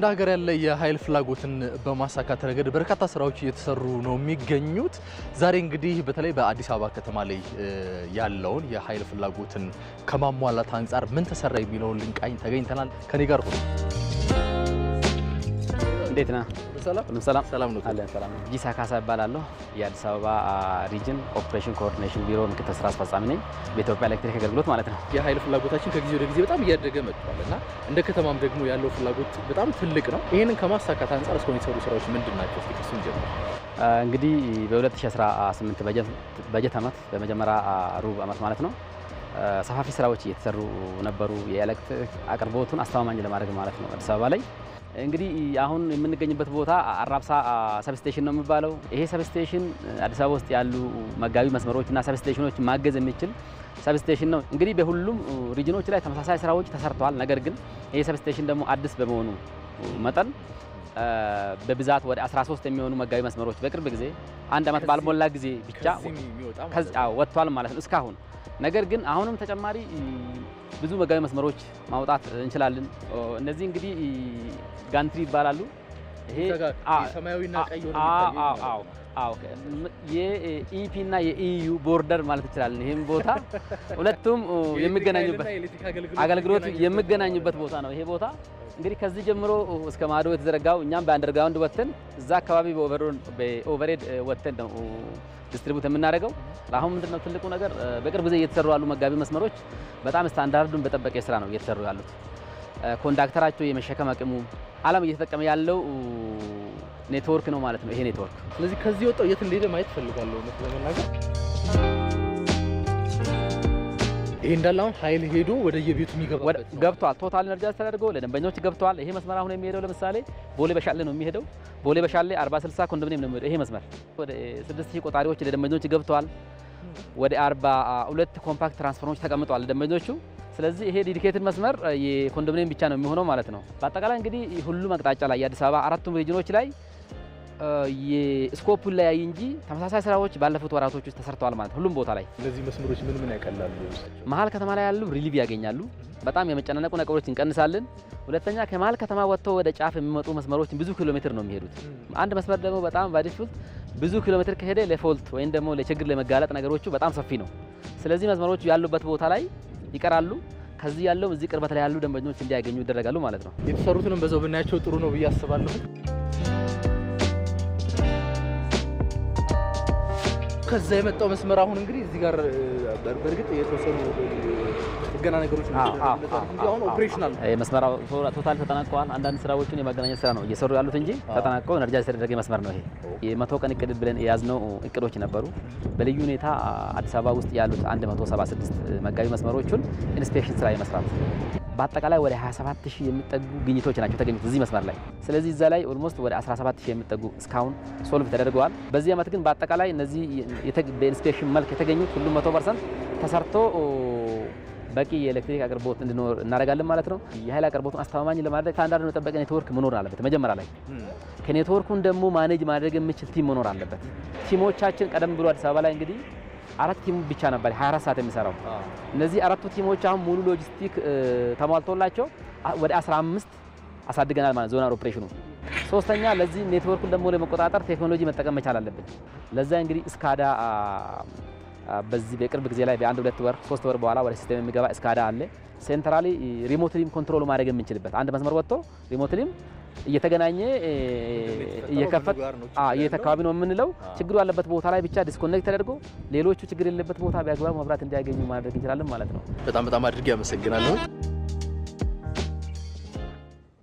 እንደ ሀገር ያለ የኃይል ፍላጎትን በማሳካት ረገድ በርካታ ስራዎች እየተሰሩ ነው የሚገኙት። ዛሬ እንግዲህ በተለይ በአዲስ አበባ ከተማ ላይ ያለውን የኃይል ፍላጎትን ከማሟላት አንጻር ምን ተሰራ የሚለውን ልንቃኝ ተገኝተናል። ከኔ ጋር ሁኑ። እንዴት ነህ? ሰላም ሰላም ነው አለን። ሰላም ጂሳ ካሳ እባላለሁ። የአዲስ አበባ ሪጅን ኦፕሬሽን ኮኦርዲኔሽን ቢሮ ምክትል ስራ አስፈጻሚ ነኝ፣ በኢትዮጵያ ኤሌክትሪክ አገልግሎት ማለት ነው። የኃይል ፍላጎታችን ከጊዜ ወደ ጊዜ በጣም እያደገ መጥቷል እና እንደ ከተማም ደግሞ ያለው ፍላጎት በጣም ትልቅ ነው። ይህንን ከማሳካት አንጻር እስካሁን የተሰሩ ስራዎች ምንድን ናቸው? እሱን ጀምር። እንግዲህ በ2018 በጀት ዓመት በመጀመሪያ ሩብ ዓመት ማለት ነው ሰፋፊ ስራዎች እየተሰሩ ነበሩ፣ የኤሌክትሪክ አቅርቦቱን አስተማማኝ ለማድረግ ማለት ነው። አዲስ አበባ ላይ እንግዲህ አሁን የምንገኝበት ቦታ አራብሳ ሰብስቴሽን ነው የሚባለው። ይሄ ሰብስቴሽን አዲስ አበባ ውስጥ ያሉ መጋቢ መስመሮችና ሰብስቴሽኖች ማገዝ የሚችል ሰብስቴሽን ነው። እንግዲህ በሁሉም ሪጅኖች ላይ ተመሳሳይ ስራዎች ተሰርተዋል። ነገር ግን ይሄ ሰብስቴሽን ደግሞ አዲስ በመሆኑ መጠን በብዛት ወደ 13 የሚሆኑ መጋቢ መስመሮች በቅርብ ጊዜ አንድ አመት ባልሞላ ጊዜ ብቻ ወጥቷል ማለት ነው እስካሁን ነገር ግን አሁንም ተጨማሪ ብዙ መጋቢ መስመሮች ማውጣት እንችላለን። እነዚህ እንግዲህ ጋንትሪ ይባላሉ። የኢፒ እና የኢዩ ቦርደር ማለት እንችላለን። ይህም ቦታ ሁለቱም የሚገናኙበት አገልግሎት የሚገናኙበት ቦታ ነው። ይሄ ቦታ እንግዲህ ከዚህ ጀምሮ እስከ ማዶ የተዘረጋው እኛም በአንደርግራውንድ ወተን እዛ አካባቢ በኦቨሬድ ወተን ነው ዲስትሪቡት የምናደርገው። አሁን ምንድነው ትልቁ ነገር በቅርብ ጊዜ እየተሰሩ ያሉ መጋቢ መስመሮች በጣም ስታንዳርዱን በጠበቀ ስራ ነው እየተሰሩ ያሉት። ኮንዳክተራቸው የመሸከም አቅሙ ዓለም እየተጠቀመ ያለው ኔትወርክ ነው ማለት ነው ይሄ ኔትወርክ። ስለዚህ ከዚህ ወጣው የት እንደሄደ ማየት ፈልጋለሁ ነው ለመናገር። ይሄ እንዳለ አሁን ኃይል ሄዶ ወደ የቤቱ የሚገባበት ገብቷል። ቶታል ኤነርጂ ተደርጎ ለደንበኞች ገብቷል። ይሄ መስመር አሁን የሚሄደው ለምሳሌ ቦሌ በሻሌ ነው የሚሄደው። ቦሌ በሻሌ 4060 ኮንዶሚኒየም ነው የሚሄደው ይሄ መስመር። ወደ 6000 ቆጣሪዎች ለደንበኞች ገብቷል። ወደ 42 ኮምፓክት ትራንስፎርመሮች ተቀምጧል ለደንበኞቹ ስለዚህ ይሄ ዲዲኬትድ መስመር የኮንዶሚኒየም ብቻ ነው የሚሆነው ማለት ነው። በአጠቃላይ እንግዲህ ሁሉም አቅጣጫ ላይ የአዲስ አበባ አራቱም ሪጅኖች ላይ የስኮፕ ላይ እንጂ ተመሳሳይ ስራዎች ባለፉት ወራቶች ውስጥ ተሰርተዋል ማለት ሁሉም ቦታ ላይ እነዚህ መስመሮች ምን ምን ያቀላሉ? መሀል ከተማ ላይ ያሉ ሪሊቭ ያገኛሉ። በጣም የመጨናነቁ ነገሮች እንቀንሳለን። ሁለተኛ ከመሀል ከተማ ወጥተው ወደ ጫፍ የሚመጡ መስመሮች ብዙ ኪሎ ሜትር ነው የሚሄዱት። አንድ መስመር ደግሞ በጣም ባዲፉት ብዙ ኪሎ ሜትር ከሄደ ለፎልት ወይም ደግሞ ለችግር ለመጋለጥ ነገሮቹ በጣም ሰፊ ነው። ስለዚህ መስመሮቹ ያሉበት ቦታ ላይ ይቀራሉ። ከዚህ ያለው እዚህ ቅርበት ላይ ያሉ ደንበኞች እንዲያገኙ ይደረጋሉ ማለት ነው። የተሰሩትንም በዛው ብናያቸው ጥሩ ነው ብዬ አስባለሁ። ከዛ የመጣው መስመር አሁን እንግዲህ እዚህ ጋር በእርግጥ የተወሰኑ ጥገና ነገሮች ኦፕሬሽናል መስመር ቶታል ተጠናቀዋል። አንዳንድ ስራዎችን የማገናኘት ስራ ነው እየሰሩ ያሉት እንጂ ተጠናቀው መረጃ የተደረገ መስመር ነው ይሄ። የመቶ ቀን እቅድ ብለን የያዝነው እቅዶች ነበሩ። በልዩ ሁኔታ አዲስ አበባ ውስጥ ያሉት 176 መጋቢ መስመሮቹን ኢንስፔክሽን ስራ የመስራት በአጠቃላይ ወደ 27000 የሚጠጉ ግኝቶች ናቸው የተገኙት እዚህ መስመር ላይ። ስለዚህ እዛ ላይ ኦልሞስት ወደ 17000 የሚጠጉ እስካሁን ሶልቭ ተደርገዋል። በዚህ ዓመት ግን በአጠቃላይ እነዚህ በኢንስፔክሽን መልክ የተገኙት ሁሉም 100% ተሰርቶ በቂ የኤሌክትሪክ አቅርቦት እንዲኖር እናደርጋለን ማለት ነው። የኃይል አቅርቦቱን አስተማማኝ ለማድረግ ስታንዳርድ የጠበቀ ኔትወርክ መኖር አለበት መጀመሪያ ላይ። ከኔትወርኩን ደግሞ ማኔጅ ማድረግ የምችል ቲም መኖር አለበት። ቲሞቻችን ቀደም ብሎ አዲስ አበባ ላይ እንግዲህ አራት ቲም ብቻ ነበር 24 ሰዓት የሚሰራው። እነዚህ አራቱ ቲሞች አሁን ሙሉ ሎጂስቲክ ተሟልቶላቸው ወደ 15 አሳድገናል ማለት ዞናል ኦፕሬሽኑ። ሶስተኛ ለዚህ ኔትወርኩን ደግሞ ለመቆጣጠር ቴክኖሎጂ መጠቀም መቻል አለብን። ለዛ እንግዲህ እስካዳ በዚህ በቅርብ ጊዜ ላይ በአንድ ሁለት ወር ሶስት ወር በኋላ ወደ ሲስተም የሚገባ እስካዳ አለ። ሴንትራሊ ሪሞትሊም ኮንትሮል ማድረግ የምንችልበት አንድ መስመር ወጥቶ ሪሞትሊም እየተገናኘ እየከፈት እየተካባቢ ነው የምንለው ችግሩ ያለበት ቦታ ላይ ብቻ ዲስኮኔክት ተደርጎ ሌሎቹ ችግር የሌለበት ቦታ ቢያግባብ መብራት እንዲያገኙ ማድረግ እንችላለን ማለት ነው። በጣም በጣም አድርጌ አመሰግናለሁ።